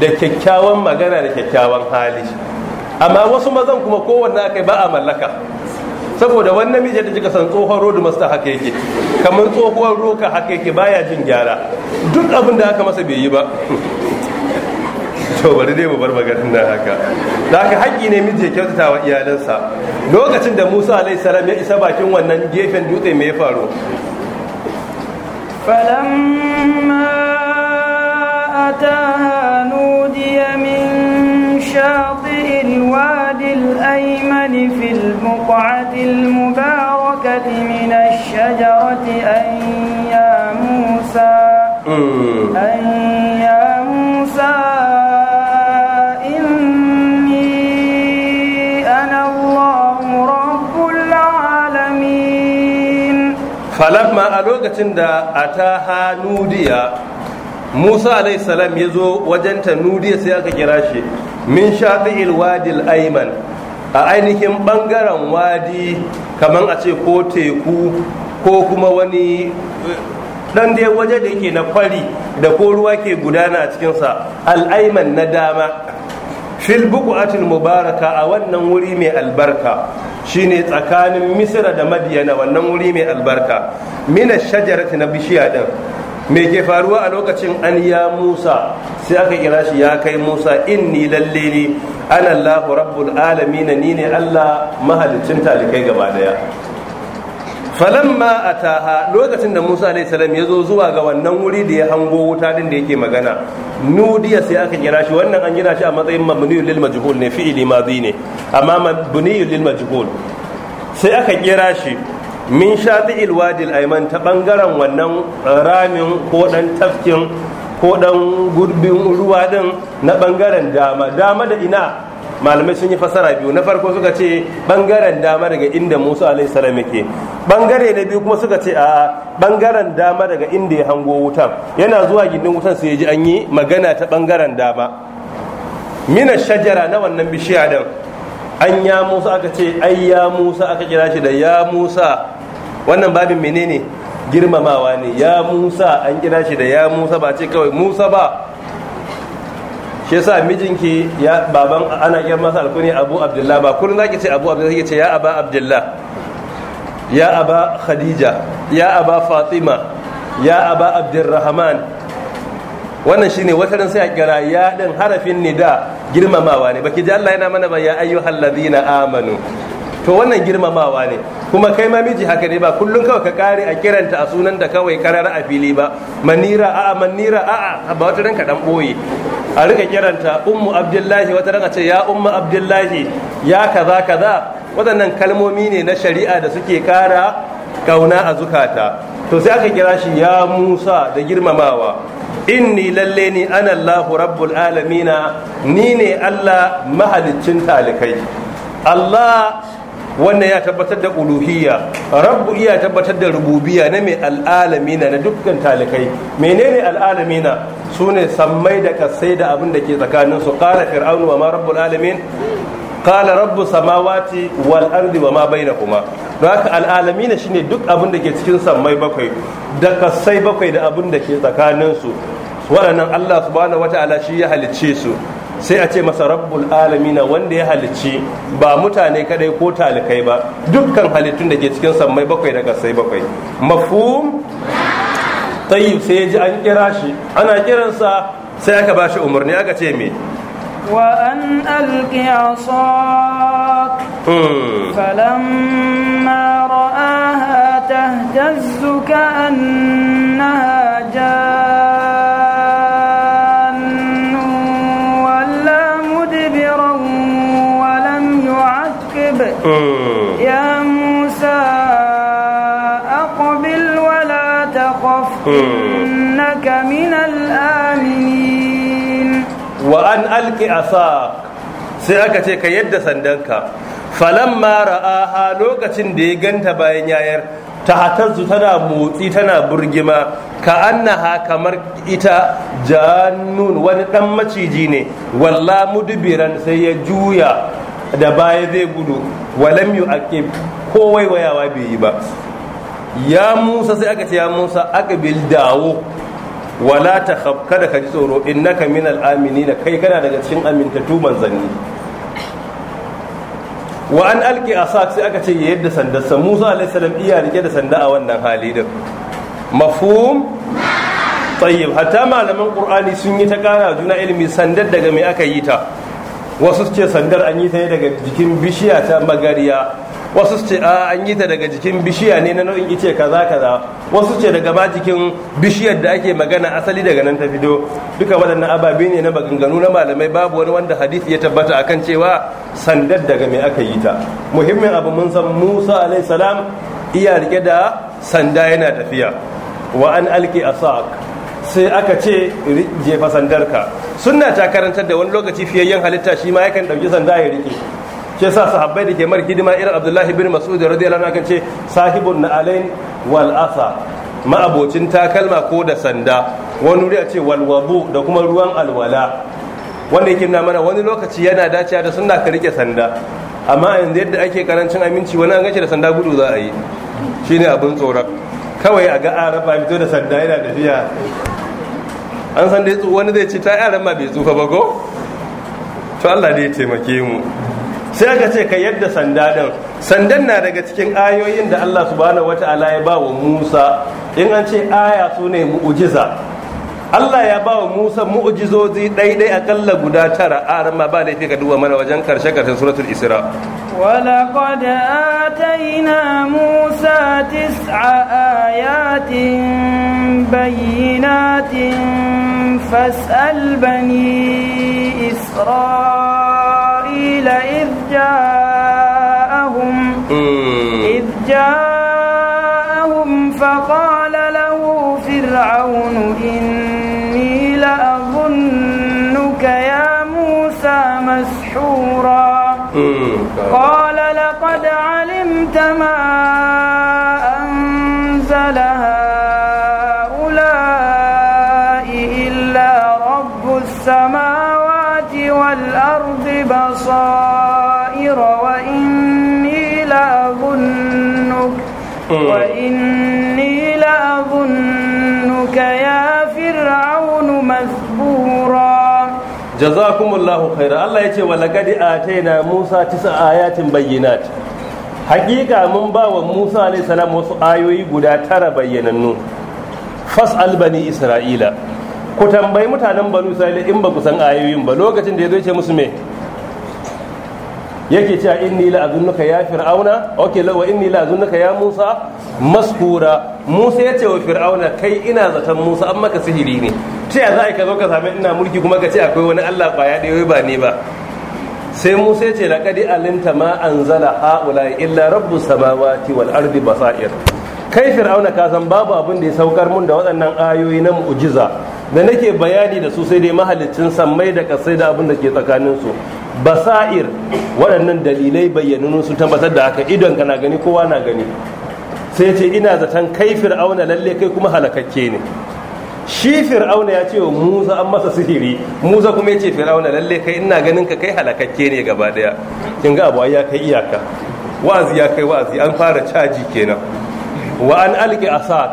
Speaker 1: da kyakkyawan magana da kyakkyawan hali amma wasu mazan kuma kowanne aka ba a mallaka saboda wani namiji da kika san tsohon road master haka yake kamar tsohuwar roka haka yake baya jin gyara duk abin da aka masa bai yi ba to bari dai mu bar maganin nan haka da haka haƙƙi ne miji ya kyautata wa iyalansa lokacin da Musa alaihi salam ya isa bakin wannan gefen dutse me ya faru
Speaker 2: فلما أتاها نودي من شاطئ الوادي الأيمن في البقعة المباركة من الشجرة أن يا موسى أن
Speaker 1: falamma a lokacin da a ta ha nudiya musa salam ya zo wajenta nudiya sai aka kira shi min shafi'il wadil aiman a ainihin bangaren wadi kamar a ce ko teku ko kuma wani dan dai waje da yake na kwari da ko ruwa ke gudana a cikinsa al'aiman na dama fil buqatil mubaraka a wannan wuri mai albarka shine tsakanin misira da madiyana wannan wuri mai albarka mina shajarati na bishiya din me ke faruwa a lokacin an ya musa sai aka kira shi ya kai musa inni lalle ne. ana allahu rabbul na ni ne allah mahalicin talikai gaba daya falan falamma ataha lokacin da Musa alayhi ya zo zuwa ga wannan wuri da ya hango wuta din da yake magana nudiya sai aka kira shi wannan an gina shi a matsayin mabniyul lil majhul ne fi'ili madhi ne amma mabniyul lil majhul sai aka kira shi min shati'il wadil ayman ta bangaren wannan ramin ko dan tafkin ko dan gurbin ruwa din na bangaren dama dama da ina malamai sun yi fasara biyu na farko suka ce bangaren dama daga inda musa alaihi salam yake bangare na biyu kuma suka ce a bangaren dama daga inda ya hango wutan yana zuwa gindin wutan su ya ji an yi magana ta bangaren dama mina shajara na wannan bishiya da an ya musa aka ce ai ya musa aka kira shi da ya musa wannan babin menene girmamawa ne ya musa an kira shi da ya musa ba ce kawai musa ba shi yasa mijinki ya baban ana iya masa alkuni abu abdullah ba kullum zaki ce abu abdullah ce ya aba abdullah ya aba khadija ya aba fatima ya aba abdurrahman wannan shine wataran sai a kira ya din harafin nida girmamawa ne baki ji Allah yana mana ba ya ayyuhal ladina amanu to wannan girmamawa ne kuma kai ma miji haka ne ba kullun kawai ka kare a kiranta a sunan da kawai karar a fili ba manira a'a manira a'a ba wata ranka dan boye a rika kiranta ummu abdullahi wata ran ce ya ummu abdullahi ya kaza kaza waɗannan kalmomi ne na shari'a da suke kara kauna a zukata to sai aka kira shi ya musa da girmamawa inni lalle ni ana allahu rabbul alamina ni ne allah mahaliccin talikai allah wannan ya tabbatar da uluhiyya rabbu iya tabbatar da rububiyya na mai al'alamina na dukkan talikai menene al'alamina ne sammai da kasai da abin da ke tsakanin su kala fir'aunu wa ma rabbul alamin kala rabbu samawati wal ardi wa ma kuma don haka al'alamina shine duk abin da ke cikin sammai bakwai da kasai bakwai da abin da ke tsakanin su waɗannan Allah subhanahu wata'ala shi ya halicce su sai a ce masa rabbul alamina wanda ya halicci ba mutane kadai ko talikai ba dukkan halittun da ke cikin sammai bakwai da kasai bakwai mafhum tayyib sai ya ji an kira shi ana kiransa sai aka ba shi umarni aka ce me
Speaker 2: وأن ألق hmm.
Speaker 1: falamma
Speaker 2: فلما رآها تهتز annaha ja. يا aminin. wa an تخف إنك من
Speaker 1: aka ce ka yadda سيأكتك يد سندنك falamma ra'aha lokacin da ya ganta bayan yayar ta tana motsi tana burgima ka annaha kamar ita jannun wani dan maciji ne walla mudubiran sai ya juya da baya zai gudu walam yu akib ko waiwayawa bai yi ba ya musa sai aka ce ya musa aka bil dawo wala ta kada ka ji tsoro innaka min al da kai kana daga cikin amintatu manzanni wa an alki asak sai aka ce ya yadda sandarsa musa alayhi salam iya rike da sanda a wannan hali din mafhum tayyib hatta malaman qur'ani sun yi ta kara juna ilimi sandar daga mai aka yi ta wasu ce sandar an yi ta ne daga jikin bishiya ta magariya wasu ce a an yi ta daga jikin bishiya ne na nau'in ice kaza kaza wasu ce daga ma jikin bishiyar da ake magana asali daga nan ta fito duka waɗannan ababe ne na maganganu na malamai babu wani wanda hadisi ya tabbata akan cewa sandar daga me aka yi ta muhimmin abu mun san Musa alaihi salam iya rike da sanda yana tafiya wa an alki asaq sai aka ce jefa sandar ka sunna ta karantar da wani lokaci fiye yin halitta shi ma yakan ɗauki sanda ya rike ke sa sahabbai da ke mar hidima irin abdullahi bin mas'ud radiyallahu anhu ce sahibun na alain wal asa ma'abocin takalma ko da sanda wani wuri a ce walwabu da kuma ruwan alwala wanda yake na mana wani lokaci yana dacewa da sunna ka rike sanda amma yanzu yadda ake karancin aminci wani an gashi da sanda gudu za a yi shine abin tsoron kawai a ga araba fito da sanda yana da jiya an san dai wani zai ci ta yaran ma bai tsufa ba ko to Allah ya taimake mu sai aka ce ka yadda sanda din sandan na daga cikin ayoyin da Allah subhanahu wata'ala ya ba wa Musa in an ce aya su ne mu'ujiza Allah ya ba wa Musa mu'jizozi daidai akalla guda tara a ramma ba laifi ka duba mana wajen karshe karshen suratul Isra
Speaker 2: ولقد آتينا موسى تسع آيات بينات فاسأل بني إسرائيل إذ جاءهم إذ جاءهم فقال له فرعون بصائر وإني لأظنك وإني لأظنك يا فرعون مذبورا
Speaker 1: جزاكم الله خيرا الله يجي ولقد آتينا موسى تسع آيات بينات hakika mun ba wa musa salam wasu ayoyi guda tara bayyanannu fas'al bani isra'ila ku tambayi mutanen banu isra'ila in ba ku san ayoyin ba lokacin da ya zo ce musu me yake cewa inni la azunnuka ya fir'auna okay la wa inni la azunnuka ya musa maskura musa ya ce wa fir'auna kai ina zaton musa an maka sihiri ne ce ya za ka zo ka sami ina mulki kuma ka ce akwai wani allah ya ɗaya ba ne ba sai musa ya ce laqad alimta ma anzala haula illa rabbu samawati wal ardi basair kai fir'auna ka san babu abin da ya saukar mun da waɗannan ayoyi na mu'jiza da nake bayani da su sai dai mahaliccin sammai da kasai da abin da ke tsakanin su basa'ir waɗannan dalilai bayyanunu sun tabbatar da haka idon ka na gani kowa na gani sai ce ina zaton kai fir'auna lalle kai kuma halakakke ne shi fir'auna ya ce wa musa an masa sihiri musa kuma ya ce fir'auna lalle kai ina ganin ka kai halakakke ne gaba daya kin ga abu ya kai iyaka wa'azi ya kai wa'azi an fara caji kenan wa an alqi asak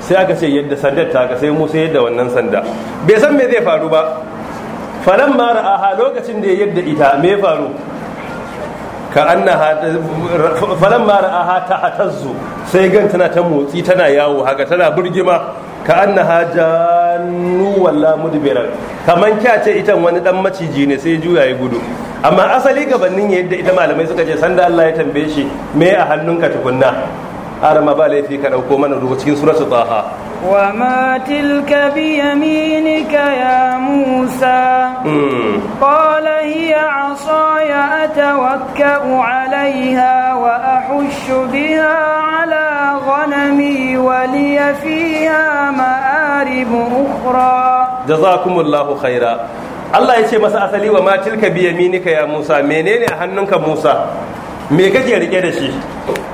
Speaker 1: sai aka ce yadda sandar ta ka sai musa yadda wannan sanda bai san me zai faru ba falan mara aha lokacin da ya yadda ita me faru ka annaha falan mara aha ta hatazzu sai gan tana ta motsi tana yawo haka tana burgima ka annaha jannu walla berar. Kamar kya ce ita wani dan maciji ne sai juya ya gudu amma asali gabanin yadda ita malamai suka ce sanda Allah ya tambaye shi me a hannunka tukunna arama ba laifi ka dauko mana ruwa cikin suratul taha
Speaker 2: Wama tilka biya Minika ya Musa? Kola yi a soya a tawaka wa hawa a fushin biya ala a ƙwanami wani ya fi ha ma'aribin
Speaker 1: Allah ya ce masu asali wama tilka biya Minika ya Musa. Menene hannunka Musa? Me ka je rike da shi?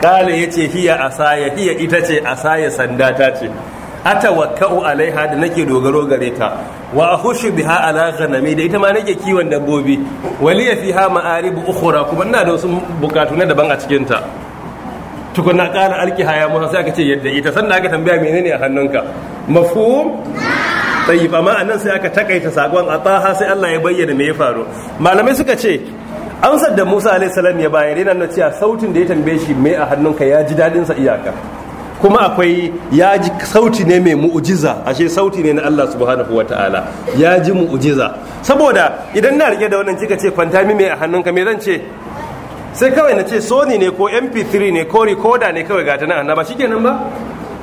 Speaker 1: Kale ya ce fiye asaya sa ita ce a sanda ta ce. atawakka'u alaiha da nake dogaro gare ta wa ahushu biha ala ghanami da ita ma nake kiwon dabbobi waliya fiha ma'arib ukhra kuma ina da wasu bukatu na daban a cikin ta na kana alkiha ya musa sai aka ce yadda ita sannan aka tambaya menene a hannunka mafhum tayyib amma anan sai aka takaita sakon tsaha sai Allah ya bayyana me ya faru malamai suka ce amsar da Musa alaihi salam ya bayar yana nuna cewa sautin da ya tambaye shi me a hannunka ya ji dadin sa iyaka kuma akwai ya ji sauti ne mai mu'ujiza ashe sauti ne na Allah subhanahu wa ta'ala ya ji mu'ujiza saboda idan na rike da wannan kika ce kwanta mai a hannunka me zan ce sai kawai na ce sony ne ko mp3 ne ko recorder ne kawai gata na annaba shikenan ba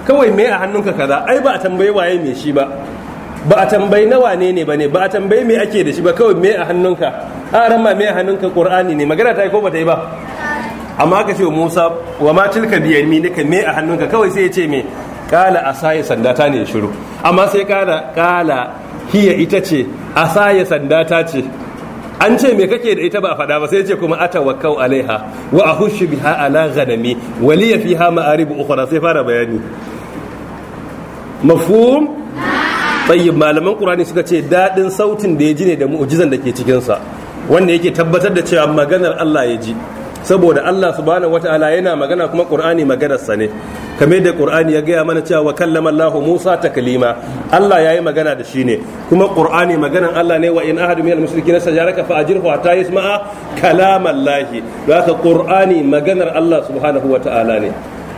Speaker 1: kawai mai a hannunka kaza ai ba a tambayi waye mai shi ba ba a tambayi na wane ne ba ne ba a tambayi me ake da shi ba kawai mai a hannunka a ran ma mai a hannunka qur'ani ne magana ta yi ko ba ta yi ba amma ka ce musa wa ma tilka biyar mi me a hannunka kawai sai ya ce me kala asaya sandata ne shiru amma sai kala kala hiya ita ce asaya sandata ce an ce me kake da ita ba a faɗa ba sai ce kuma atawakkau alaiha wa ahushu biha ala ghanami fi hama fiha ma'aribu ukhra sai fara bayani mafhum tayyib malaman qur'ani suka ce daɗin sautin da ya ji ne da mu'ujizan da ke cikin sa wanda yake tabbatar da cewa maganar Allah ya ji saboda Allah subhanahu wataala yana magana kuma Qur'ani maganarsa ne kame da Qur'ani ya gaya mana cewa kallama Allah Musa taklima Allah yayi magana da shi ne kuma Qur'ani maganan Allah ne wa in ahadu minal mushrikin sajaraka fa ajirhu hatta yasma'a kalam Allah don haka Qur'ani maganar Allah subhanahu wataala ne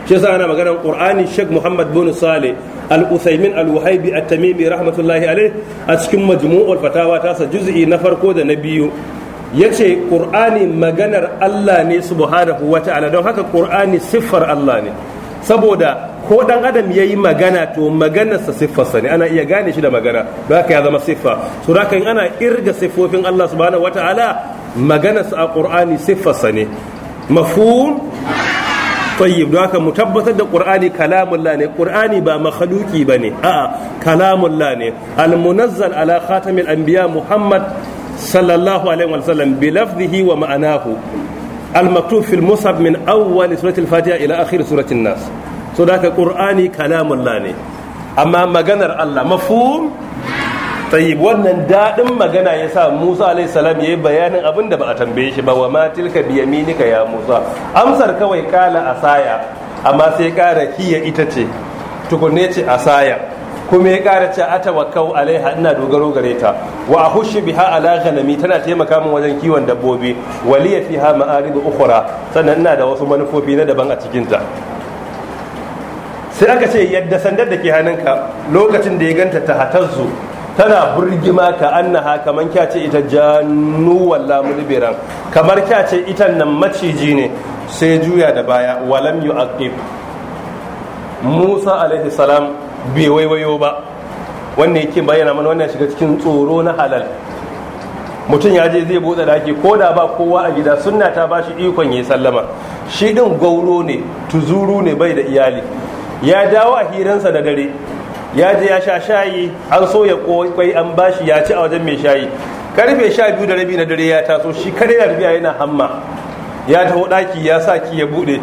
Speaker 1: shi yasa ana maganar Qur'ani Sheikh Muhammad bin Saleh Al-Uthaymin Al-Wahibi At-Tamimi rahmatullahi alayh a cikin majmu'ul fatawa tasa juz'i na farko da na biyu ya ce ƙur'ani maganar Allah ne subhanahu wa ta'ala don haka ƙur'ani siffar Allah ne saboda ko dan adam ya yi magana to maganarsa siffarsa ne ana iya gane shi da magana don haka ya zama siffa so da in ana irga siffofin Allah subhanahu wa ta'ala maganarsa a ƙur'ani siffarsa ne mafhum tayyib don haka mu tabbatar da qur'ani kalamullah ne qur'ani ba makhluki ne a'a kalamullah ne al-munazzal ala khatamil anbiya muhammad sallallahu alaihi wasallam bi lafzihi wa ma'anahu al-maktub fil musab min awwal suratul fatiha ila akhir suratul nas so da ka qur'ani kalamullah ne amma maganar Allah mafhum tayyib wannan dadin magana yasa Musa alaihi salam yayi bayanin abin da ba a tambaye shi ba wa ma tilka bi yaminika ya Musa amsar kawai kala asaya amma sai kara hiya ita ce tukunne ce asaya kuma ya kara ce a tawakkau alaiha ina dogaro gare ta wa a hushi biha ala ghanami tana taimaka min wajen kiwon dabbobi waliya ha ma'arib ukhra sannan ina da wasu manufofi na daban a cikin ta sai aka ce yadda sandar da ke hannunka lokacin da ya ganta ta hatazzu tana burgima ka annaha kamar kya ce ita jannu walla mulbiran kamar kya ce ita nan maciji ne sai juya da baya walam yu'aqib Musa alaihi salam bai waiwayo ba wannan yake bayyana mana wannan shiga cikin tsoro na halal mutum ya je zai bude daki ko da ba kowa a gida sunna ta ba shi ikon ya sallama shi din gauro ne tuzuru ne bai da iyali ya dawo a hiransa da dare ya je ya sha shayi an so ya kwai an bashi ya ci a wajen mai shayi karfe sha biyu da rabi na dare ya taso shi kare ya yana hamma ya taho daki ya sa ki ya bude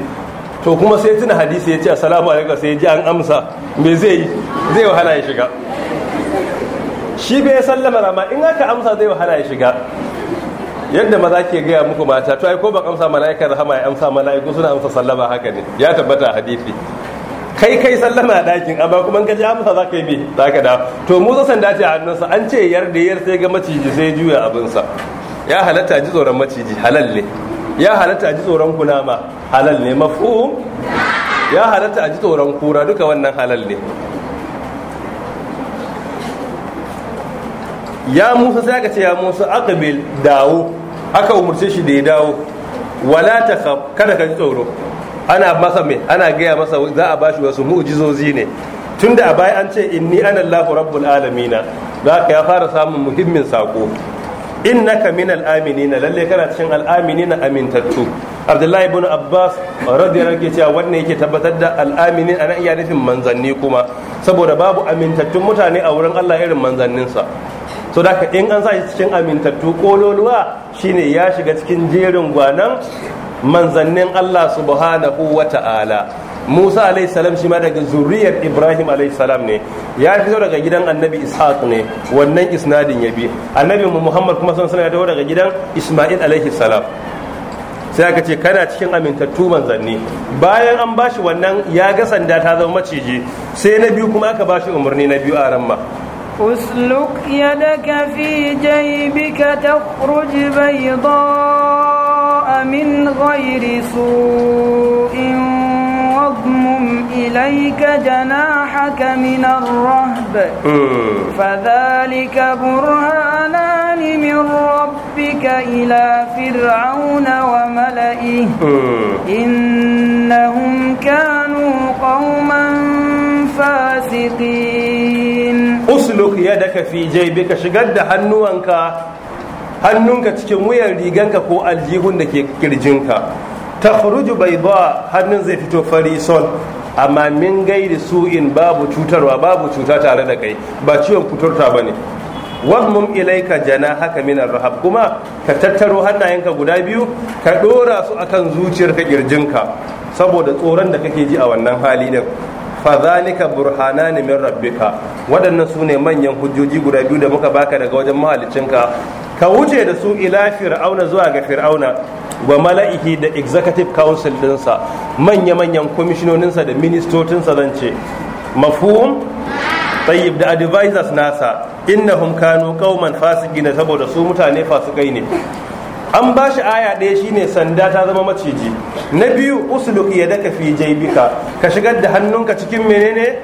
Speaker 1: to kuma sai tuna hadisi ya ce assalamu alaikum sai ji an amsa me zai yi zai wahala ya shiga shi bai ya sallama rama in aka amsa zai wahala ya shiga yadda maza ke gaya muku mata to ai ko ba amsa mala'ika da hama ya amsa mala'iku suna amsa sallama haka ne ya tabbata hadisi kai kai sallama a ɗakin amma kuma ka ji amsa za ka yi bi za ka da to musa sanda dace a hannunsa an ce yar da yar sai ga maciji sai juya abinsa ya halatta ji tsoron maciji halal ne ya halatta a ji tsoron kunama halal ne mafi ya halatta a ji tsoron kura duka wannan halal ne ya musa sai aka ce ya musa aqbil dawo aka umarce shi da ya dawo wala ta kada ka ji tsoro ana masa me ana gaya masa za a bashi wasu mu'jizozi ne tunda a baya an ce inni ana lafi rabbul alamina za ka ya fara samun muhimmin sako innaka min aminina lalle kana cikin al'aminina amintattu abdullahi ibn abbas radiyallahu anhu cewa wannan yake tabbatar da al-aminin ana iya nufin manzanni kuma saboda babu amintattun mutane a wurin Allah irin manzanninsa so da in an sa cikin amintattu kololuwa shine ya shiga cikin jerin gwanan manzannin Allah subhanahu wa ta'ala musa alayhi salam shi ma daga zuriyar ibrahim alayhi salam ne ya fito daga gidan annabi ishaq ne wannan isnadin ya bi annabi muhammad kuma sun sanar daga gidan isma'il alayhi salam sai aka ce kana cikin amintattu manzanni bayan an bashi wannan ya ga sanda ta zama maciji sai na biyu kuma aka bashi umarni na biyu a ramma
Speaker 2: اسلك يدك في جيبك تخرج بيضاء من غير سوء إليك جناحك من الرهب فذلك برهانان من ربك إلى فرعون وملئه إنهم كانوا قوما فاسقين أسلق
Speaker 1: يدك في جيبك شقد هنوانك hannunka cikin wuyan riganka ko aljihun da ke kirjinka ta bai ba amma min su in babu cutarwa babu cuta tare da kai ba ciwon kuturta ba ne wahmum ilaika jana haka mina rahab kuma ka tattaro hannayenka guda biyu ka dora su akan zuciyarka kirjinka saboda tsoron da kake ji a wannan hali din fa zalika burhanani min rabbika waɗannan su ne manyan hujjoji guda biyu da muka baka daga wajen mahaliccinka ka wuce da su ila fir'auna zuwa ga fir'auna wa mala'ihi da executive council dinsa manya-manyan kwamishinoninsa da ministocinsa zan ce mafhum tayyib da advisors nasa innahum kanu qauman fasiqina saboda su mutane fasikai ne an ba shi aya ɗaya shine sanda ta zama maciji na biyu usuluk ya daka fi jaibika ka shigar da hannunka cikin menene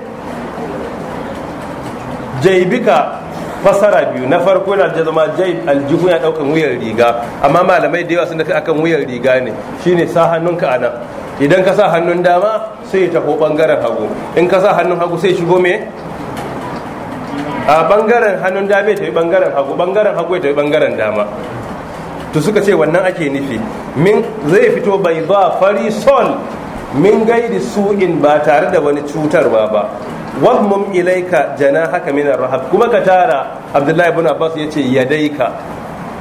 Speaker 1: jaibika fasara biyu na farko yana da zama jaib aljihu ya daukan wuyan riga amma malamai da yawa sun a kan wuyan riga ne shine sa hannunka a nan idan ka sa hannun dama sai ya taho bangaren hagu in ka sa hannun hagu sai shigo me a bangaren hannun dama ya tafi bangaren hagu bangaren hagu ya tafi bangaren dama to suka ce wannan ake nufi min zai fito bai ba fari sol min gaidi su'in ba tare da wani cutarwa ba wadmum ilaika jana haka minar rahab kuma ka tara abdullahi ibn abbas ya ce yadaika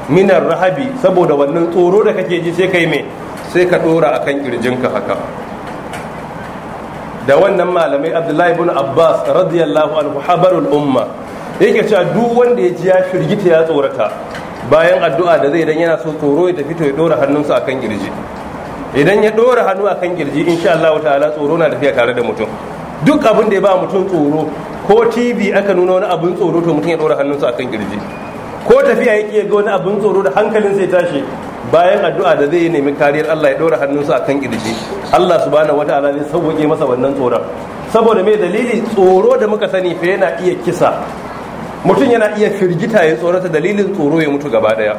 Speaker 1: minar rahabi saboda wannan tsoro da kake ji sai kai me sai ka dora akan kirjinka haka da wannan malamai abdullahi ibn abbas radiyallahu anhu habarul umma yake cewa duk wanda ya ji ya firgita ya tsorata bayan addu'a da zai idan yana so tsoro ya tafi to ya dora hannunsa akan girji idan ya dora hannu akan girji insha Allah ta'ala tsoro na tafiya tare da mutum duk abin da ya ba mutum tsoro ko TV aka nuna wani abin tsoro to mutum ya dora hannunsa akan girji ko tafiya yake ga wani abin tsoro da hankalin sai tashi bayan addu'a da zai nemi kariyar Allah ya dora hannunsa akan girji Allah subhanahu wataala zai sauke masa wannan tsoron saboda mai dalili tsoro da muka sani fa yana iya kisa mutum yana iya firgita ya tsorata dalilin tsoro ya mutu gaba daya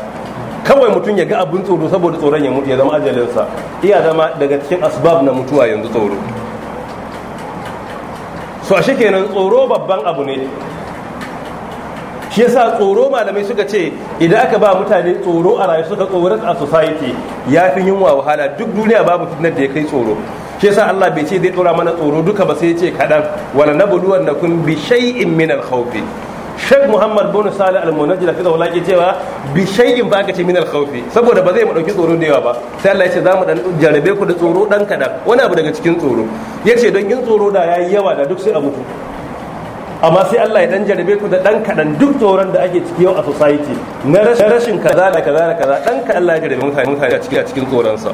Speaker 1: kawai mutum ya ga abin tsoro saboda tsoron ya mutu ya zama ajalinsa iya zama daga cikin asbab na mutuwa yanzu tsoro so ashe kenan tsoro babban abu ne shi yasa tsoro malamai suka ce idan aka ba mutane tsoro a rayu suka tsoron a society ya fi yunwa wahala duk duniya babu fitnar da ya kai tsoro shi yasa Allah bai ce zai tsora mana tsoro duka ba sai ya ce kaɗan wala na buluwan bi shay'in min al-khawfi Sheikh Muhammad bin Salih Al-Munajjid fi zawla ke cewa bi shay'in ba ka ce min al-khawfi saboda ba zai mu dauki tsoro da yawa ba sai Allah ya ce za mu dan jarabe ku da tsoro dan kadan wani abu daga cikin tsoro yace don in tsoro da yayi yawa da duk sai a mutu amma sai Allah ya dan jarabe ku da dan kadan duk tsoron da ake ciki yau a society na rashin kaza da kaza da kaza dan ka Allah ya jarabe mutane a cikin tsoron sa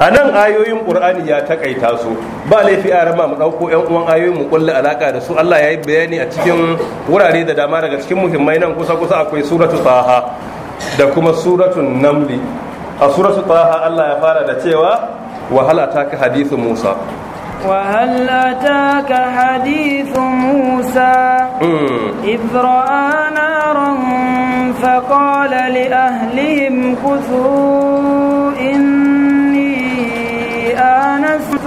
Speaker 1: a nan ayoyin ƙur'ani ya takaita su ba laifi a rama mu ɗauko yan uwan ayoyin mu kulle alaka da su Allah ya yi bayani a cikin wurare da dama daga cikin muhimmai nan kusa kusa akwai suratu taha da kuma suratun namli a suratu taha Allah ya fara da cewa wahala ta ka hadithu Musa
Speaker 2: وهل أتاك حديث موسى إذ رأى نارا فقال لأهلهم كثوا إن نفس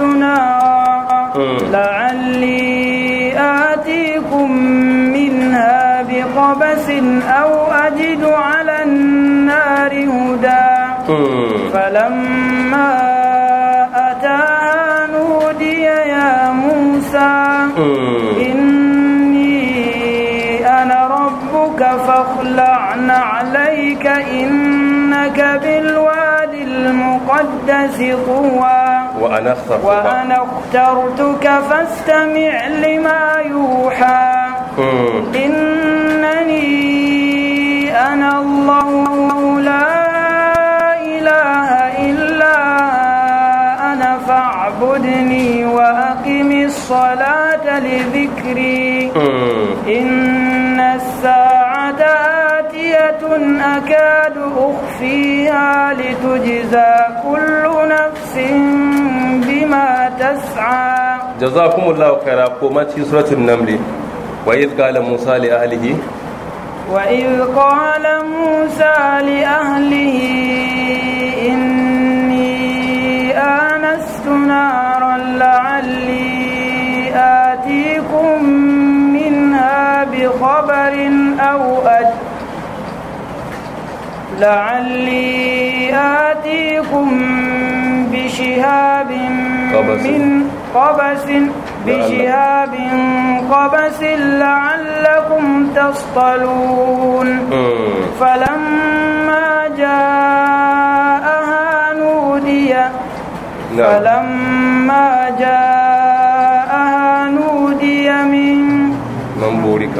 Speaker 2: لعلي آتيكم منها بقبس أو أجد على النار هدى فلما أتاها نودي يا موسى إني أنا ربك فاخلع نعليك إن إنك بالوادي المقدس طوى
Speaker 1: وأنا اخترتك, وأنا
Speaker 2: اخترتك فاستمع لما يوحى إنني أنا الله لا إله إلا أنا فاعبدني وأقم الصلاة لذكري إن أكاد أخفيها لتجزى كل نفس بما تسعى
Speaker 1: جزاكم الله خيرا كما في سورة النمل وإذ قال موسى لأهله
Speaker 2: وإذ قال موسى لأهله إني آنست نارا لعلي آتيكم منها بخبر أو أجل لعلي آتيكم بشهاب من قبس بشهاب قبس لعلكم تصطلون فلما جاءها نودي فلما جاءها نودي من من بورك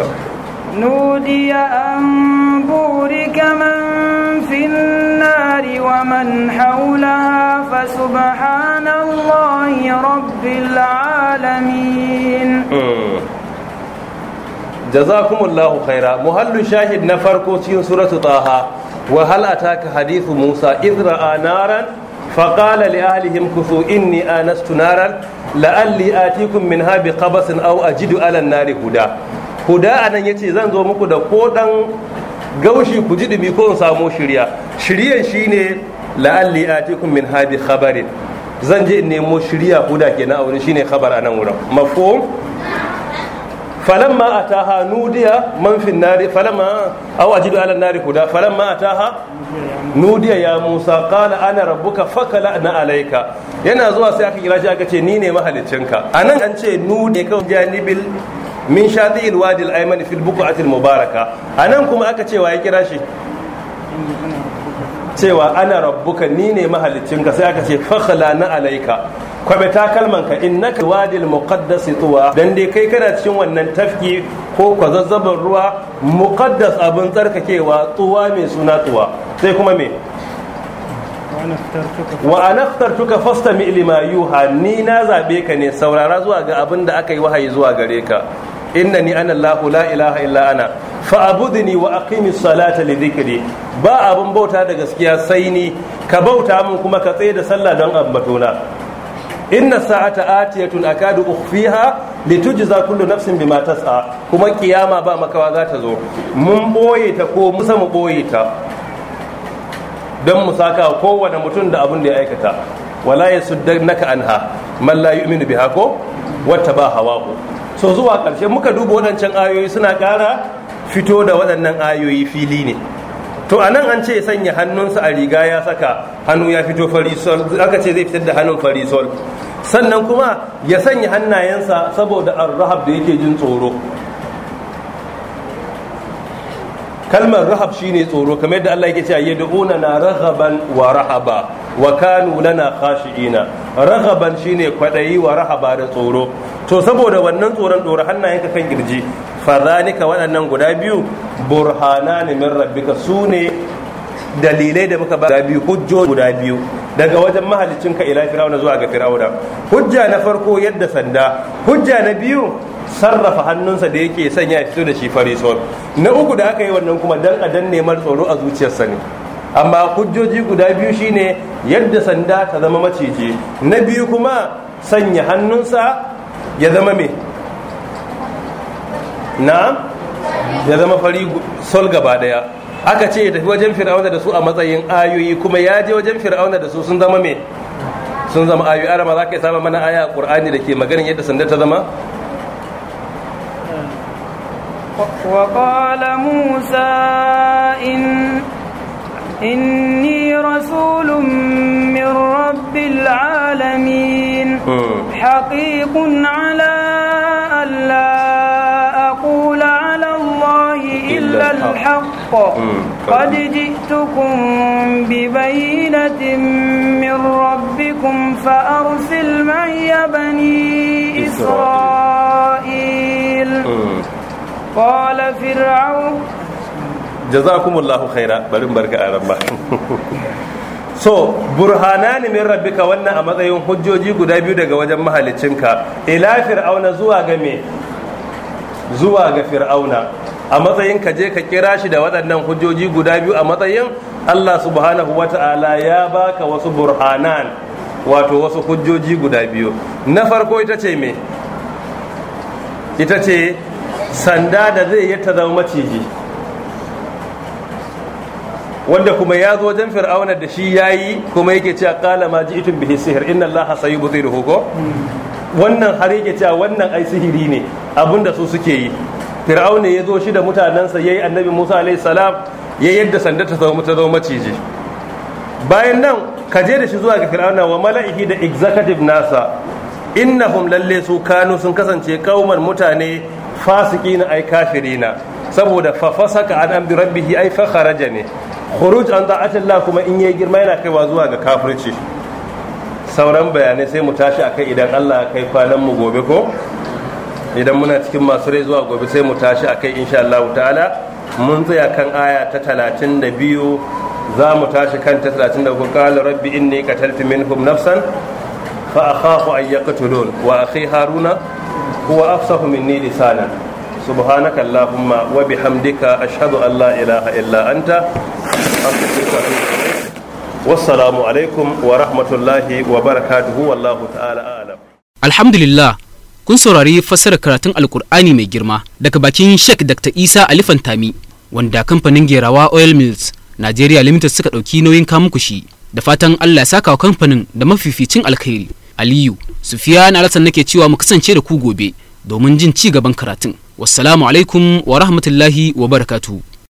Speaker 2: نودي أن بورك من ومن حولها فسبحان الله رب العالمين
Speaker 1: جزاكم الله خيرا محل شاهد نفركو في سورة طه وهل أتاك حديث موسى إذ رأى نارا فقال لأهلهم كثوا إني آنست نارا لألي آتيكم منها بقبس أو أجد على النار هدى هدى أنا يتي زنزو مكو دا gaushi ku ji dumi ko in samo shirya shiryan shine la'alli atikum min hadi khabarin zan je in nemo shirya huda kenan a wurin shine khabar anan wurin mafhum falamma ataha nudiya man fi nari falamma aw ajidu ala nari huda falamma ataha nudiya ya musa qala ana rabbuka fakala na alayka yana zuwa sai aka kira shi aka ce ni ne mahaliccinka anan an ce nudiya kan janibil min shati'il wadi al-ayman fil buq'atil mubaraka anan kuma aka cewa ya kira shi cewa ana rabbuka ni ne ka sai aka ce fakhala na alaika kwabe ka innaka al muqaddas tuwa dan dai kai kana cikin wannan tafki ko kwazazzaban ruwa muqaddas abin tsarkakewa tuwa mai suna tuwa sai kuma me wa anaftartuka fastami lima yuha ni na zaɓe ka ne saurara zuwa ga abin da aka yi wahayi zuwa gare ka innani ana Allahu la ilaha illa ana fa fa'budni wa aqimi salata li dhikri ba abun bauta da gaskiya sai ni ka bauta mun kuma ka tsaye da sallah don ambatona inna sa'ata atiyatun akadu ukhfiha litujza kullu nafsin bima tas'a kuma kiyama ba makawa za ta zo mun boye ta ko musa mu boye ta don mu saka kowane mutum da abin da ya aikata wala yasuddannaka anha man la yu'minu biha ko wata ba hawa ko so zuwa ƙarshe muka duba waɗancan ayoyi suna ƙara fito da waɗannan ayoyi fili ne to a nan an ce sanya hannunsa a riga ya saka hannu ya fito farisol aka ce zai fitar da hannun farisol sannan kuma ya sanya hannayensa saboda al-rahab da yake jin tsoro kalmar rahab shine tsoro kamar yadda Allah yake cewa yad'una na rahaban wa rahaba wa kanu lana khashiina rahaban shine kwaɗayi wa rahaba da tsoro to saboda wannan tsoron ɗora hannayenka kan girji fadhanika waɗannan guda biyu burhana ne min rabbika su ne dalilai da muka ba biyu hujjo guda biyu daga wajen mahalicin ka ila firawuna zuwa ga firawuna hujja na farko yadda sanda hujja na biyu sarrafa hannunsa da yake sanya fito da shi farisol na uku da aka yi wannan kuma dan a dan neman tsoro a zuciyarsa ne amma hujjoji guda biyu shine yadda sanda ta zama maciji na biyu kuma sanya hannunsa ya zama me na ya zama fari sol gaba daya aka ce ya tafi wajen fir'auna da su a matsayin ayoyi kuma ya je wajen fir'auna da su sun zama me sun zama ayoyi ma za ka saba mana aya a qur'ani da ke maganin yadda sandar ta zama
Speaker 2: وقال musa in إني رسول من رب العالمين حقيق على ألا أقول على الله إلا الحق قد جئتكم ببينة من ربكم فأرسل معي بني إسرائيل قال فرعون
Speaker 1: jazakumullahu khaira bari barka a ba so burhanani min rabbika wannan a matsayin hujjoji guda biyu daga wajen mahaliccinka ila fir'auna zuwa ga me zuwa ga fir'auna a matsayin ka je ka kira shi da waɗannan hujjoji guda biyu a matsayin Allah subhanahu wata'ala ya baka wasu burhanan wato wasu hujjoji guda biyu na farko ita ce me ita ce sanda da zai yi ta zama maciji wanda kuma ya zo wajen fir'auna da shi ya yi kuma yake cewa kala ma itin bihi sihir inna allaha da ko wannan har yake cewa wannan ai sihiri ne abinda su suke yi fir'auna ya zo shi da mutanensa yayi annabi Musa alayhi salam ya yadda sanda ta zama ta zama maciji bayan nan ka je da shi zuwa ga fir'auna wa mala'ihi da executive nasa innahum lalle su kanu sun kasance kauman mutane fasikina ai kafirina saboda fa fasaka an amri Rabbihi ai fa kharaja ne khuruj an da'atillah kuma in yayi girma yana kaiwa zuwa ga kafirci sauran bayanai sai mu tashi akai idan Allah ya kai kwanan mu gobe ko idan muna cikin masu rai zuwa gobe sai mu tashi akai insha Allah ta'ala mun tsaya kan aya ta 32 za mu tashi kan ta 34 qala rabbi inni qataltu minhum nafsan fa akhafu an yaqtulun wa akhi haruna huwa afsahu minni subhanaka allahumma wa bihamdika ashhadu an la ilaha illa anta wassalamu alaikum wa rahmatullahi wa barakatuhu wallahu ta'ala alhamdulillah kun saurari fassarar karatun alkur'ani mai girma daga bakin sheikh dr isa alifantami wanda kamfanin gerawa oil mills nigeria limited suka ɗauki nauyin shi da fatan allah ya saka wa kamfanin da mafificin alkhairi aliyu sufiya na alasan nake cewa mu kasance da ku gobe domin jin ci gaban karatun wassalamu alaikum wa rahmatullahi wa barakatuhu